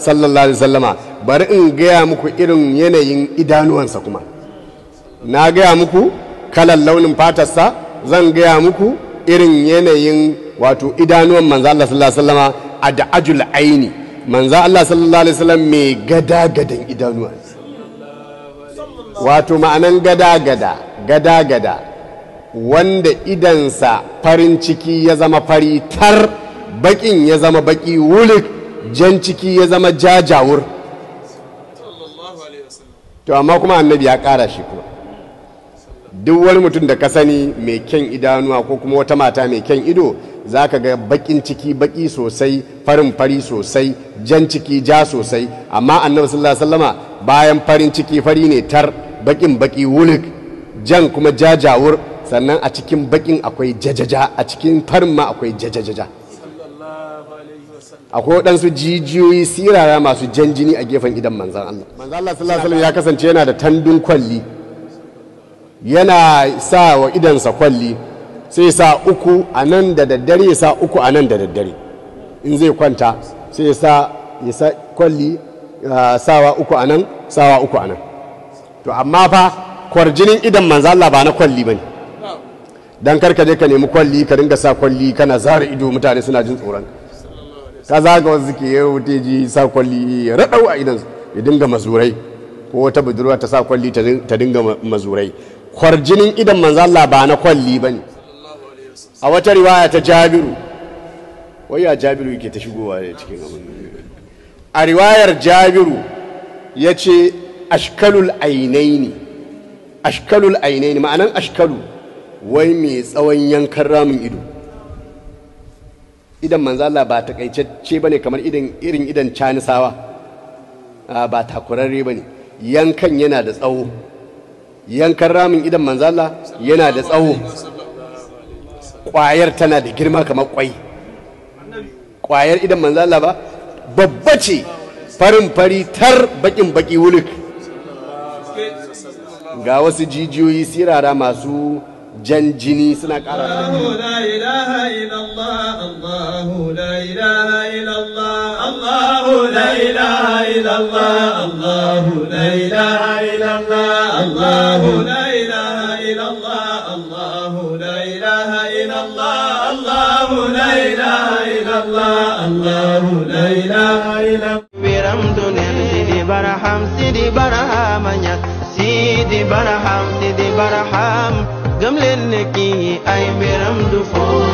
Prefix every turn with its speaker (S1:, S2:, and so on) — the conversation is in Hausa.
S1: sallallahu alaihi sallama bari in gaya muku irin yanayin idanuwansa kuma na gaya muku kalan launin fatarsa zan gaya muku irin yanayin wato idanuwan manzo Allah sallallahu alaihi sallama a da'ajul aini manzo Allah sallallahu alaihi sallama mai gada gadan idanuwa wato ma'anan gada gada gada gada wanda idansa farin ciki ya zama fari tar bakin ya zama baki wulik jan ciki ya zama jajawur to amma kuma annabi ya kara shi kuma duk wani mutum da ka sani mai kyan idanuwa ko kuma wata mata mai kyan ido za ka ga bakin ciki baki sosai farin fari sosai jan ciki ja sosai amma annabi sallallahu alaihi wasallama bayan farin ciki fari ne tar bakin baki wulik jan kuma jajawur sannan a cikin bakin akwai jajaja a cikin farin ma akwai jajajaja akwai waɗansu jijiyoyi sirara masu jan jini a gefen idan manzan Allah manzan Allah sallallahu alaihi ya kasance yana da tandun kwalli yana sa wa idansa kwalli sai sa uku a nan da daddare ya sa uku a nan da daddare in zai kwanta sai ya sa ya sa kwalli sawa uku a nan sawa uku a nan to amma fa kwarjinin idan manzan Allah ba na kwalli bane dan karka je ka nemi kwalli ka dinga sa kwalli kana zara ido mutane suna jin tsoron ka za ka wasu suke yau wuce ji sa kwalli ya raɗau a idan ya dinga mazurai ko wata budurwa ta sa kwalli ta dinga mazurai kwarjinin idan manzo Allah ba na kwalli ba ne a wata riwaya ta jabiru wai ya jabiru yake ta shigowa ne cikin abin a riwayar jabiru ya ce ashkalul ainaini ashkalul ainaini ma'anan ashkalu wai mai tsawon yankan ramin ido idan manzo Allah ba takaitacce bane kamar idan irin idan canisawa ba ta takurarre bane yankan yana da tsawo yankan ramin idan manzo Allah yana da tsawo kwayar tana da girma kamar kwai kwayar idan manzo Allah ba babba ce farin fari tar bakin baki wuluk ga wasu jijiyoyi sirara masu jan jini suna ƙara
S2: الله لا إله إلا الله الله لا إله إلا الله الله لا إله إلا الله الله لا إله إلا الله الله لا إله إلا الله الله لا إله إلا الله الله لا إله إلا برم دنيا سيدي برحم سيدي برحم سيدي برحم سيدي برحم قبل لك أي برم فوق